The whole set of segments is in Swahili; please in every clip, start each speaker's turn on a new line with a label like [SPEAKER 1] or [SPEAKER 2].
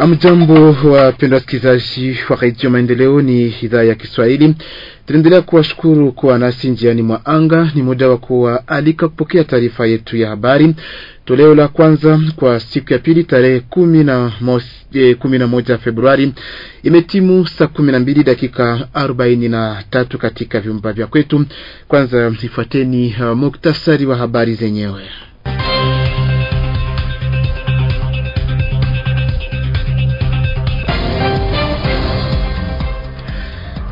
[SPEAKER 1] Amjambo, wapendwa wasikilizaji wa Radio Maendeleo, ni idhaa ya Kiswahili. Tunaendelea kuwashukuru kuwa nasi njiani mwa anga. Ni muda wa kuwaalika kupokea taarifa yetu ya habari toleo la kwanza kwa siku ya pili tarehe kumi na, mos, eh, kumi na moja Februari. Imetimu saa kumi na mbili dakika arobaini na tatu katika vyumba vya kwetu. Kwanza ifuateni uh, muktasari wa habari zenyewe.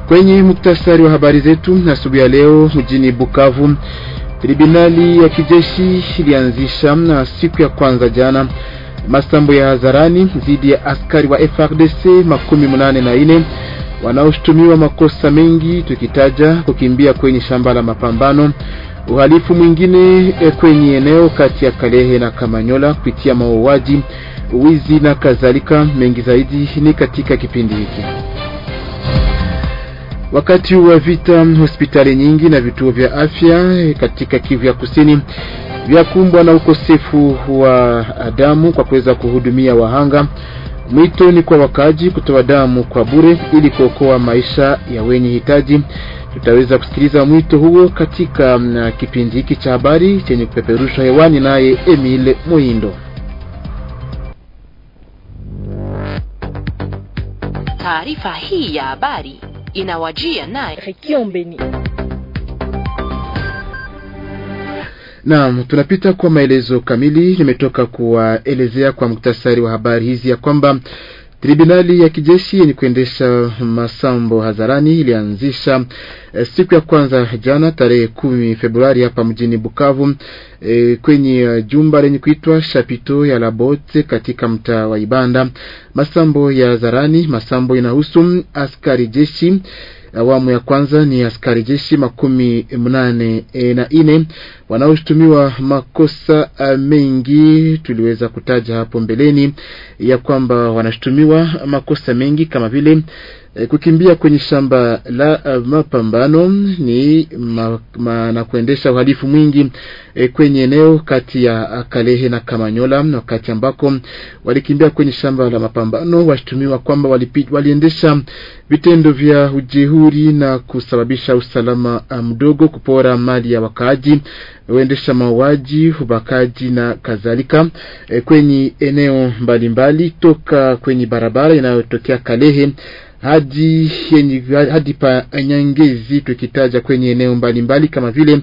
[SPEAKER 1] Kwenye muktasari wa habari zetu asubuhi ya leo, mjini Bukavu, tribunali ya kijeshi ilianzisha na siku ya kwanza jana masambo ya hadharani dhidi ya askari wa FRDC makumi munane na ine wanaoshutumiwa makosa mengi, tukitaja kukimbia kwenye shamba la mapambano, uhalifu mwingine kwenye eneo kati ya Kalehe na Kamanyola kupitia mauaji, wizi na kadhalika. Mengi zaidi ni katika kipindi hiki. Wakati wa vita, hospitali nyingi na vituo vya afya katika Kivu ya Kusini vyakumbwa na ukosefu wa damu kwa kuweza kuhudumia wahanga. Mwito ni kwa wakaji kutoa damu kwa bure ili kuokoa maisha ya wenye hitaji. Tutaweza kusikiliza mwito huo katika mm, kipindi hiki cha habari chenye kupeperushwa hewani naye Emile Muindo.
[SPEAKER 2] Taarifa hii ya habari inawajia naye Rekiombeni.
[SPEAKER 1] Naam, tunapita kwa maelezo kamili. Nimetoka kuwaelezea kwa muktasari wa habari hizi ya kwamba Tribunali ya kijeshi yenye kuendesha masambo hadharani ilianzisha e, siku ya kwanza jana tarehe kumi Februari hapa mjini Bukavu e, kwenye eh, jumba lenye kuitwa shapito ya Labote katika mtaa wa Ibanda masambo ya hadharani. Masambo inahusu askari jeshi Awamu ya kwanza ni askari jeshi makumi mnane e, na ine wanaoshutumiwa makosa eh, mengi. Tuliweza kutaja hapo mbeleni ya kwamba wanashutumiwa makosa mengi kama vile Eh, kukimbia kwenye shamba la eh, mapambano ni ma, ma, na kuendesha uhalifu mwingi eh, kwenye eneo kati ya Kalehe na Kamanyola, wakati ambako walikimbia kwenye shamba la mapambano washtumiwa kwamba waliendesha vitendo vya ujehuri na kusababisha usalama mdogo, kupora mali ya wakaaji, waendesha mauaji, ubakaji na kadhalika kwenye eneo mbalimbali mbali, toka kwenye barabara inayotokea Kalehe hadi, hadi pa Nyangezi, tukitaja kwenye eneo mbalimbali kama vile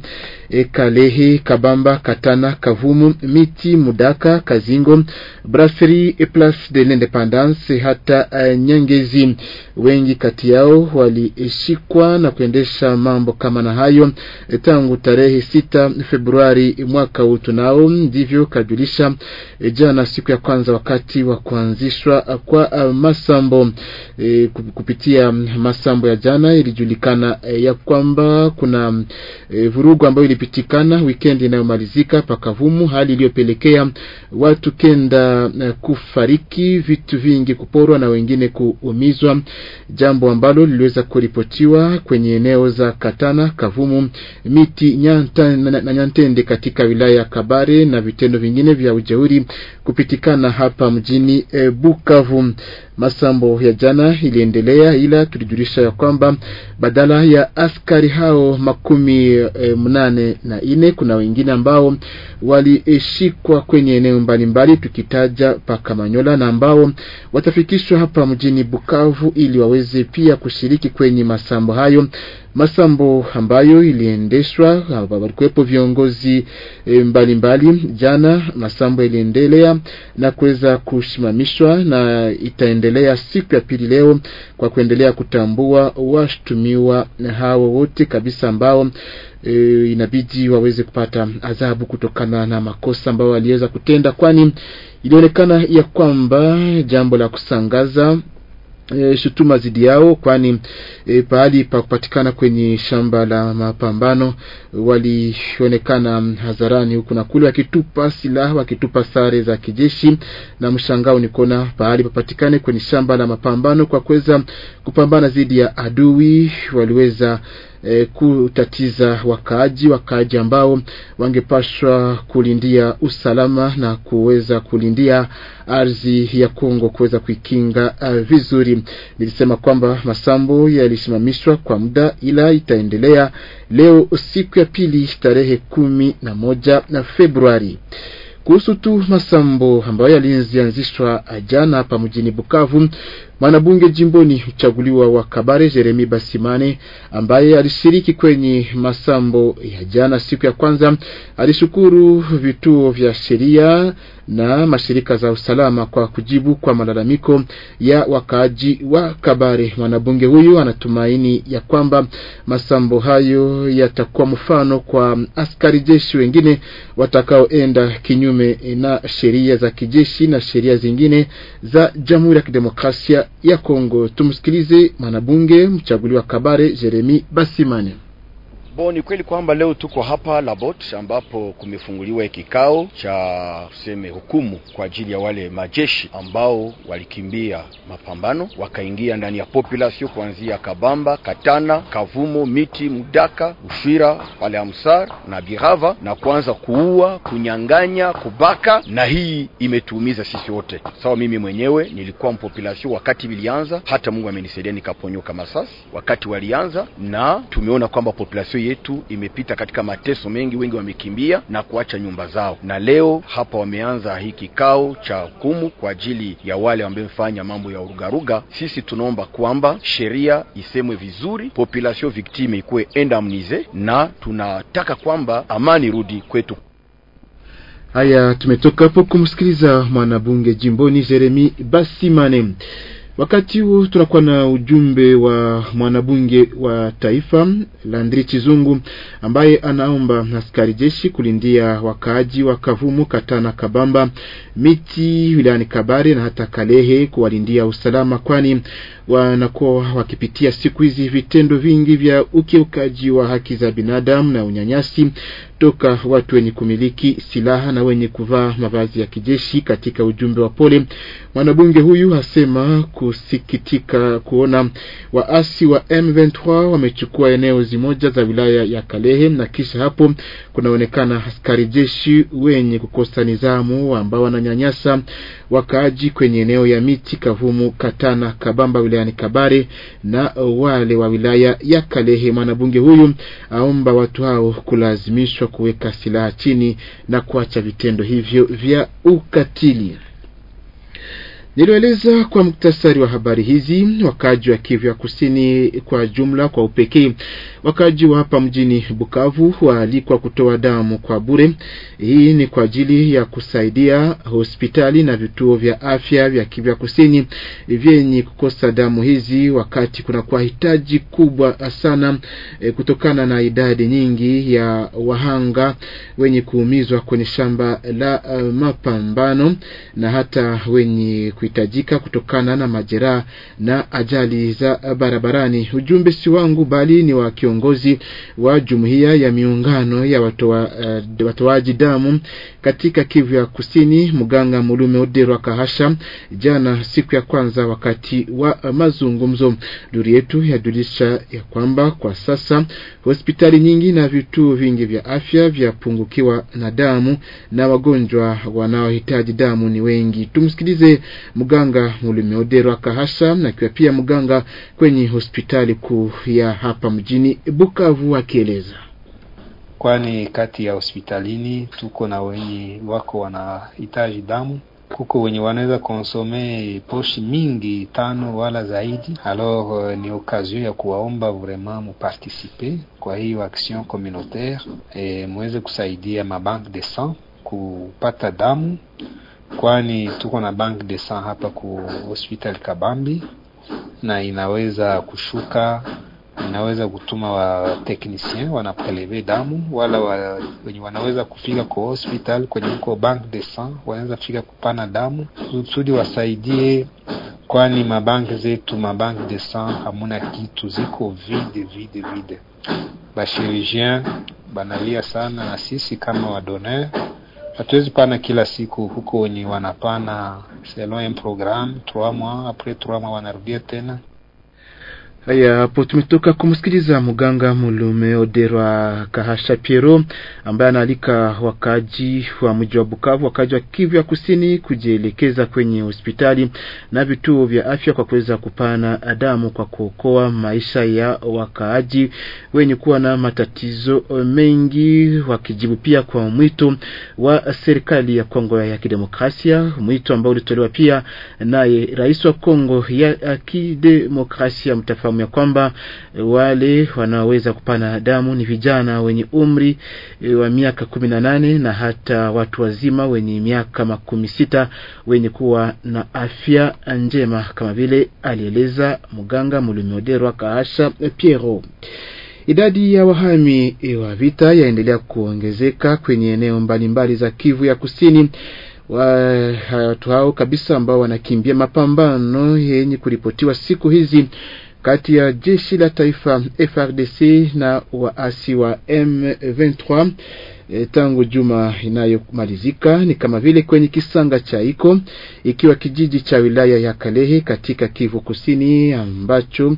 [SPEAKER 1] e, Kalehe, Kabamba, Katana, Kavumu, Miti, Mudaka, Kazingo, Brasserie et Place de l'Independance hata uh, Nyangezi. Wengi kati yao walishikwa na kuendesha mambo kama na hayo e, tangu tarehe sita Februari mwaka huu tunao, ndivyo kajulisha e, jana siku ya kwanza wakati wa kuanzishwa kwa masambo e, kupitia mm, masambo ya jana ilijulikana eh, ya kwamba kuna e, vurugu ambayo ilipitikana weekend inayomalizika pakavumu, hali iliyopelekea watu kenda eh, kufariki, vitu vingi kuporwa na wengine kuumizwa, jambo ambalo liliweza kuripotiwa kwenye eneo za Katana, Kavumu, Miti Nyanta na Nyantende katika wilaya ya Kabare na vitendo vingine vya ujeuri kupitikana hapa mjini e, Bukavu. Masambo ya jana iliendelea, ila tulijulisha ya kwamba badala ya askari hao makumi e, mnane na ine kuna wengine ambao walishikwa kwenye eneo mbalimbali, tukitaja paka manyola na ambao watafikishwa hapa mjini Bukavu ili waweze pia kushiriki kwenye masambo hayo masambo ambayo iliendeshwa walikuwepo viongozi e, mbalimbali mbali. Jana masambo iliendelea na kuweza kusimamishwa na itaendelea siku ya pili leo kwa kuendelea kutambua washtumiwa hao wote kabisa ambao E, inabidi waweze kupata adhabu kutokana na makosa ambayo waliweza kutenda, kwani ilionekana ya kwamba jambo la kusangaza E, shutuma dhidi yao kwani e, pahali pa kupatikana kwenye shamba la mapambano walionekana hadharani huku na kule wakitupa silaha wakitupa sare za kijeshi, na mshangao kuona pahali papatikane kwenye shamba la mapambano kwa kuweza kupambana dhidi ya adui waliweza eh, kutatiza wakaaji wakaaji ambao wangepashwa kulindia usalama na kuweza kulindia ardhi ya Kongo kuweza kuikinga uh, vizuri. Nilisema kwamba masambo yalisimamishwa kwa muda, ila itaendelea leo siku ya pili tarehe kumi na moja na Februari kuhusu tu masambo ambayo yalianzishwa jana hapa mjini Bukavu Mwanabunge jimboni uchaguliwa wa Kabare Jeremi Basimane ambaye alishiriki kwenye masambo ya jana siku ya kwanza, alishukuru vituo vya sheria na mashirika za usalama kwa kujibu kwa malalamiko ya wakaaji wa Kabare. Mwanabunge huyu anatumaini ya kwamba masambo hayo yatakuwa mfano kwa askari jeshi wengine watakaoenda kinyume na sheria za kijeshi na sheria zingine za Jamhuri ya Kidemokrasia ya Kongo. Tumsikilize mwanabunge mchaguliwa Kabare Jeremi Basimane.
[SPEAKER 2] Bo, ni kweli kwamba leo tuko hapa Labot ambapo kumefunguliwa kikao cha tuseme hukumu kwa ajili ya wale majeshi ambao walikimbia mapambano wakaingia ndani ya populasio kuanzia Kabamba, Katana, Kavumo, Miti, Mudaka, Bushira, pale Amsar na Birava na kuanza kuua, kunyang'anya, kubaka, na hii imetuumiza sisi wote. Sawa, mimi mwenyewe nilikuwa mpopulasio wakati ilianza, hata Mungu amenisaidia nikaponyoka masasi wakati walianza, na tumeona kwamba populasio yetu imepita katika mateso mengi, wengi wamekimbia na kuacha nyumba zao, na leo hapa wameanza hii kikao cha hukumu kwa ajili ya wale wamefanya mambo ya urugaruga. Sisi tunaomba kwamba sheria isemwe vizuri, population victime ikuwe endamnize, na tunataka kwamba amani rudi kwetu.
[SPEAKER 1] Haya, tumetoka hapo kumsikiliza mwanabunge jimboni Jeremi Basimane. Wakati huu tunakuwa na ujumbe wa mwanabunge wa taifa Landri Chizungu ambaye anaomba askari jeshi kulindia wakaaji wa Kavumu, Katana, Kabamba, Miti wilayani Kabare na hata Kalehe kuwalindia usalama, kwani wanakuwa wakipitia siku hizi vitendo vingi vya ukiukaji wa haki za binadamu na unyanyasi toka watu wenye kumiliki silaha na wenye kuvaa mavazi ya kijeshi. Katika ujumbe wa pole, mwanabunge huyu asema kusikitika kuona waasi wa M23 wamechukua eneo zimoja za wilaya ya Kalehe na kisha hapo kunaonekana askari jeshi wenye kukosa nizamu ambao wananyanyasa wakaaji kwenye eneo ya miti Kavumu, Katana, Kabamba wilaya wilayani Kabare na wale wa wilaya ya Kalehe. Mwanabunge huyu aomba watu hao kulazimishwa kuweka silaha chini na kuacha vitendo hivyo vya ukatili. Nilieleza kwa muktasari wa habari hizi. Wakaji wa Kivu ya Kusini kwa jumla, kwa upekee wakaji wa hapa mjini Bukavu, waalikwa kutoa damu kwa bure. Hii ni kwa ajili ya kusaidia hospitali na vituo vya afya vya Kivu ya Kusini vyenye kukosa damu hizi, wakati kunakuwa hitaji kubwa sana e, kutokana na idadi nyingi ya wahanga wenye kuumizwa kwenye shamba la uh, mapambano na hata wenye kuhitajika kutokana na majeraha na ajali za barabarani. Ujumbe si wangu bali ni wa kiongozi wa jumuiya ya miungano ya watoaji uh, eh, watoaji damu katika Kivu ya Kusini. Mganga Mulume Oderwa Kahasha jana siku ya kwanza wakati wa mazungumzo, duri yetu yajulisha ya kwamba kwa sasa hospitali nyingi na vituo vingi vya afya vyapungukiwa na damu na wagonjwa wanaohitaji damu ni wengi. Tumsikilize mganga Mulume Oderwa Kahasha nakiwa pia mganga kwenye hospitali kuu ya hapa mjini Bukavu akieleza
[SPEAKER 3] kwani kati ya hospitalini tuko na wenye wako wanahitaji damu kuko wenye wanaweza konsome poshi mingi tano wala zaidi. Alors euh, ni okazio ya kuwaomba vraiment muparticipe kwa hiyo action communautaire e, muweze kusaidia mabank de sang kupata damu, kwani tuko na bank de sang hapa ku hospital Kabambi na inaweza kushuka inaweza kutuma wa technicien wanapeleve damu wala wa, wenye wanaweza kufika kwa hospital kwenye huko bank de sang wanaweza fika kupana damu kusudi wasaidie, kwani mabanki zetu mabank de sang hamuna kitu, ziko vide vide vide. Bashirurgien banalia sana, na sisi kama wadoner hatuwezi pana kila siku huko wenye wanapana selon un programme 3 mois apres 3 mois wanarudia tena
[SPEAKER 1] Haya, hapo tumetoka kumsikiliza mganga Mulume Odero Kahasha Piero ambaye anaalika wakaji wa mji wa Bukavu, wakaji wa Kivu ya Kusini kujielekeza kwenye hospitali na vituo vya afya kwa kuweza kupana damu kwa kuokoa maisha ya wakaaji wenye kuwa na matatizo mengi, wakijibu pia kwa mwito wa serikali ya Kongo ya Kidemokrasia, mwito ambao ulitolewa pia naye rais wa Kongo ya Kidemokrasia mtafamu wafahamu ya kwamba e, wale wanaoweza kupana damu ni vijana wenye umri e, wa miaka kumi na nane na hata watu wazima wenye miaka makumi sita wenye kuwa na afya njema, kama vile alieleza mganga Mulumioderwa Kaasha Piero. Idadi ya wahami e, wa vita yaendelea kuongezeka kwenye eneo mbalimbali za Kivu ya Kusini. Watu hao kabisa ambao wanakimbia mapambano yenye kuripotiwa siku hizi kati ya jeshi la taifa FRDC na waasi wa M23 e, tangu juma inayomalizika ni kama vile kwenye kisanga cha Iko, ikiwa kijiji cha wilaya ya Kalehe katika Kivu Kusini, ambacho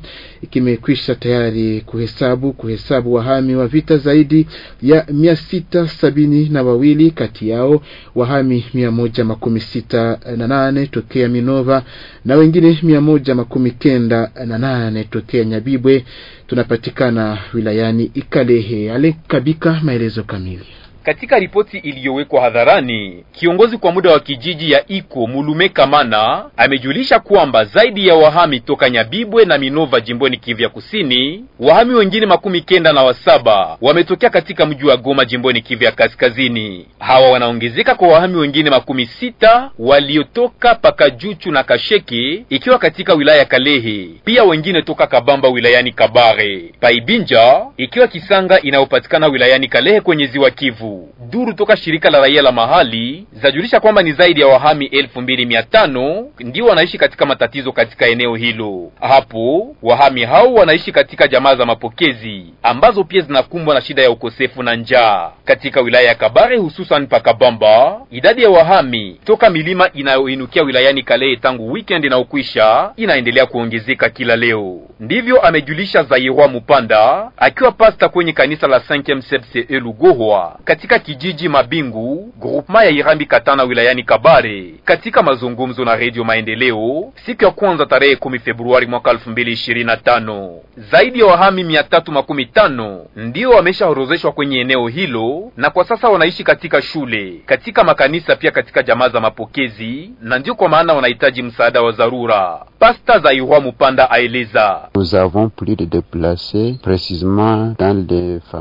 [SPEAKER 1] kimekwisha tayari kuhesabu kuhesabu wahami wa vita zaidi ya mia sita sabini na wawili, kati yao wahami mia moja makumi sita na nane tokea Minova na wengine mia moja makumi kenda na nane tokea Nyabibwe tunapatikana wilayani Ikalehe. Alen Kabika, maelezo kamili
[SPEAKER 2] katika ripoti iliyowekwa hadharani, kiongozi kwa muda wa kijiji ya Iko Mulume Kamana amejulisha kwamba zaidi ya wahami toka Nyabibwe na Minova jimboni Kivu ya Kusini, wahami wengine makumi kenda na wasaba wametokea katika mji wa Goma jimboni Kivu ya Kaskazini. Hawa wanaongezeka kwa wahami wengine makumi sita waliotoka Pakajuchu na Kasheke ikiwa katika wilaya ya Kalehe, pia wengine toka Kabamba wilayani Kabare, Paibinja ikiwa Kisanga inayopatikana wilayani Kalehe kwenye ziwa Kivu. Duru toka shirika la raia la mahali zajulisha kwamba ni zaidi ya wahami elfu mbili mia tano ndio wanaishi katika matatizo katika eneo hilo. Hapo wahami hao wanaishi katika jamaa za mapokezi ambazo pia zinakumbwa na shida ya ukosefu na njaa. Katika wilaya ya Kabare hususan Pakabamba, idadi ya wahami toka milima inayoinukia wilayani Kalehe tangu weekend ukwisha inaendelea kuongezeka kila leo. Ndivyo amejulisha Zairwa Mupanda akiwa pasta kwenye kanisa la 5 e Lugohwa katika katika kijiji Mabingu grupema ya Irambi Katana wilayani Kabare. Katika mazungumzo na Redio Maendeleo siku ya kwanza tarehe 10 Februari mwaka 2025, zaidi ya wahami 315 ndio wameshaorozeshwa kwenye eneo hilo, na kwa sasa wanaishi katika shule, katika makanisa, pia katika jamaa za mapokezi, na ndio kwa maana wanahitaji msaada wa dharura. Pasta Zaihwa Mupanda aeleza,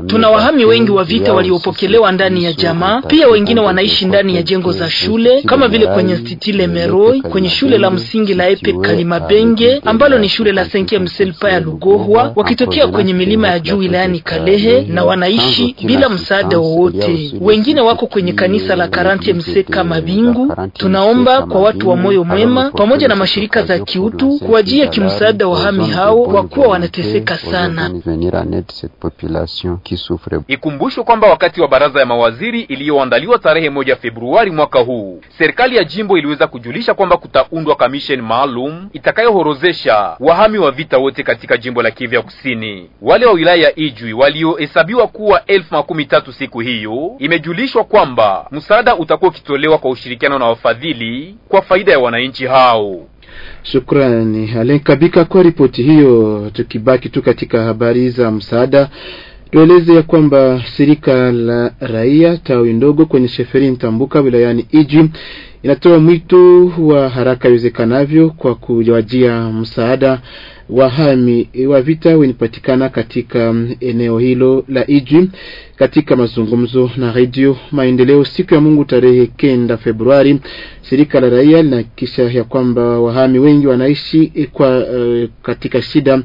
[SPEAKER 1] tuna wahami wengi wa vita
[SPEAKER 2] waliopokelewa ndani ya jamaa. Pia wengine wanaishi ndani ya jengo za shule kama vile kwenye Stitile Meroi, kwenye shule la msingi la Epe Kalimabenge ambalo ni shule la Senkia Mselpa ya Lugohwa, wakitokea kwenye milima ya juu wilayani Kalehe na wanaishi bila msaada wowote. Wengine wako kwenye kanisa la Karante Mseka Mabingu. Tunaomba kwa watu wa moyo mwema pamoja na mashirika za kiutu kuwajia kimsaada wahami hao kwa kuwa wanateseka sana. Ikumbushwe kwamba wakati wa baraza baraza ya mawaziri iliyoandaliwa tarehe moja Februari mwaka huu, serikali ya jimbo iliweza kujulisha kwamba kutaundwa kamisheni maalum itakayohorozesha wahami wa vita wote katika jimbo la Kivu ya Kusini. Wale wa wilaya ya Ijwi waliohesabiwa kuwa elfu makumi tatu siku hiyo, imejulishwa kwamba msaada utakuwa ukitolewa kwa ushirikiano na wafadhili kwa faida ya wananchi hao.
[SPEAKER 1] Shukrani Alen Kabika kwa ripoti hiyo. Tukibaki tu katika habari za msaada, Tueleze ya kwamba shirika la raia tawi ndogo kwenye sheferi Mtambuka wilayani Iji inatoa mwito wa haraka iwezekanavyo kwa kujawajia msaada wa hami wa vita wenipatikana katika eneo hilo la Iji. Katika mazungumzo na Radio Maendeleo siku ya Mungu tarehe kenda Februari, shirika la raia linahakikisha ya kwamba wahami wengi wanaishi kwa uh, katika shida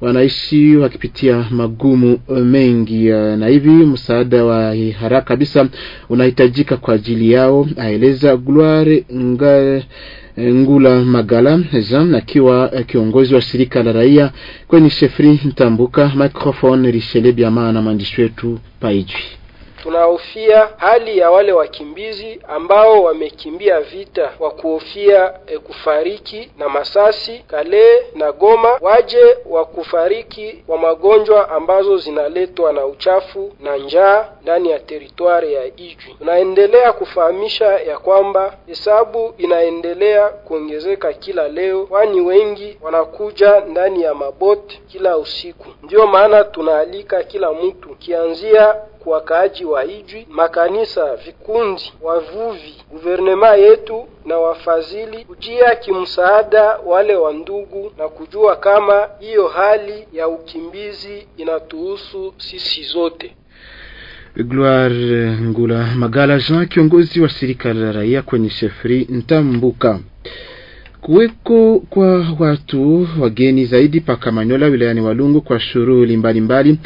[SPEAKER 1] wanaishi wakipitia magumu eh, mengi, eh, na hivi msaada wa haraka kabisa unahitajika kwa ajili yao, aeleza Gloire nga eh, Ngula Magala Jean akiwa kiongozi wa shirika la raia kwenye Shefri Ntambuka. Microphone Richele Biama na mwandishi wetu Paijwi
[SPEAKER 3] tunahofia hali ya wale wakimbizi ambao wamekimbia vita wa kuhofia e, kufariki na masasi Kale na Goma, waje wa kufariki wa magonjwa ambazo zinaletwa na uchafu na njaa ndani ya teritwari ya Ijwi. Tunaendelea kufahamisha ya kwamba hesabu inaendelea kuongezeka kila leo, kwani wengi wanakuja ndani ya maboti kila usiku. Ndiyo maana tunaalika kila mtu kianzia wakaaji wa Ijwi, makanisa, vikundi, wavuvi, guvernema yetu na wafadhili kujia kimsaada wale wa ndugu na kujua kama hiyo hali ya ukimbizi inatuhusu sisi zote.
[SPEAKER 1] Gloire Ngula Magala Jean, kiongozi wa shirika la raia kwenye Shefri Ntambuka. Kuweko kwa watu wageni zaidi paka Manyola wilayani Walungu kwa shughuli mbalimbali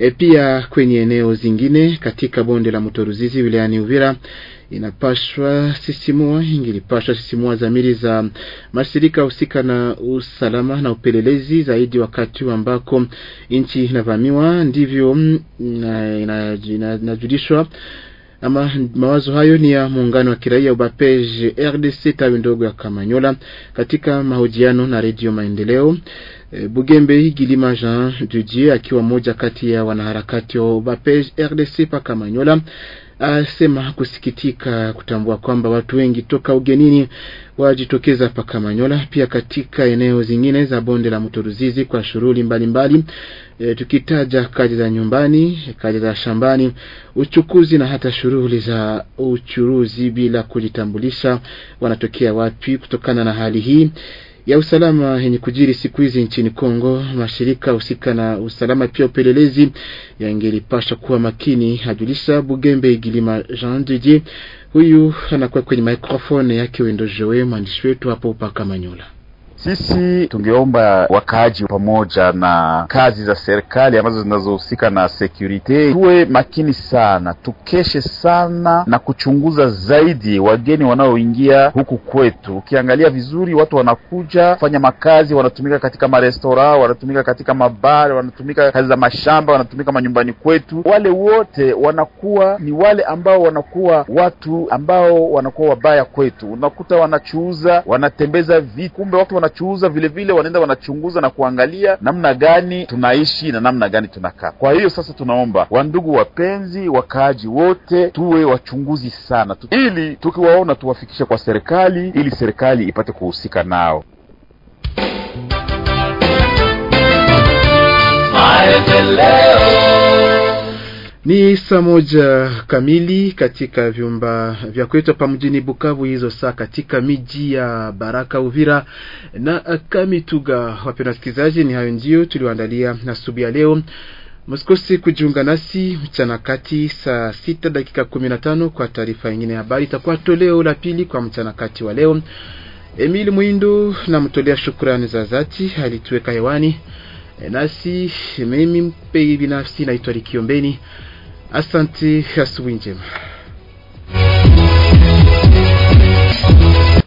[SPEAKER 1] E, pia kwenye eneo zingine katika bonde la mto Ruzizi wilayani Uvira inapashwa sisimua ingi ilipashwa sisimua zamiri za mashirika husika na usalama na upelelezi zaidi, wakati ambako nchi inavamiwa ndivyo inajulishwa mm, ina, ina, ina ama mawazo hayo ni ya muungano wa kiraia Ubapege RDC tawi ndogo ya Kamanyola katika mahojiano na Redio Maendeleo. E, Bugembe Gilima Jean Dudie akiwa moja kati ya wanaharakati wa Ubapege RDC pa Kamanyola asema kusikitika kutambua kwamba watu wengi toka ugenini wajitokeza hapa Kamanyola, pia katika eneo zingine za bonde la mto Ruzizi kwa shughuli mbalimbali, e, tukitaja kazi za nyumbani, kazi za shambani, uchukuzi na hata shughuli za uchuruzi bila kujitambulisha wanatokea wapi. Kutokana na hali hii ya usalama yenye kujiri siku hizi nchini Kongo, mashirika husika na usalama pia upelelezi yangelipasha kuwa makini, ajulisha Bugembe Igilima Jean Didier. Huyu anakuwa kwenye microphone yake Wendo Joe, mwandishi wetu hapo upaka Manyola.
[SPEAKER 2] Sisi tungeomba wakaaji pamoja na kazi za serikali ambazo zinazohusika na security tuwe makini sana, tukeshe sana na kuchunguza zaidi wageni wanaoingia huku kwetu. Ukiangalia vizuri, watu wanakuja kufanya makazi, wanatumika katika marestora, wanatumika katika mabare wanatumika kazi za mashamba, wanatumika manyumbani kwetu. Wale wote wanakuwa ni wale ambao wanakuwa watu ambao wanakuwa wabaya kwetu, unakuta wanachuuza, wanatembeza vitu, kumbe watu wana wanachuuza vilevile wanaenda wanachunguza na kuangalia namna gani tunaishi na namna gani tunakaa. Kwa hiyo sasa, tunaomba wandugu wapenzi, wakaaji wote, tuwe wachunguzi sana tu, ili tukiwaona tuwafikishe kwa serikali, ili serikali ipate kuhusika nao.
[SPEAKER 1] Ni saa moja kamili katika vyumba vya kwetu hapa mjini Bukavu, hizo saa katika miji ya Baraka, Uvira na Kamituga. Wapenda wasikilizaji, ni hayo ndio tulioandalia asubuhi ya leo. Msikosi kujiunga nasi mchana kati saa sita dakika kumi na tano kwa taarifa nyingine ya habari. Itakuwa toleo la pili kwa mchana kati wa leo. Emil Mwindo namtolea shukrani za dhati alituweka hewani nasi. Mimi mpei binafsi naitwa Likiombeni. Asante, asubuhi njema.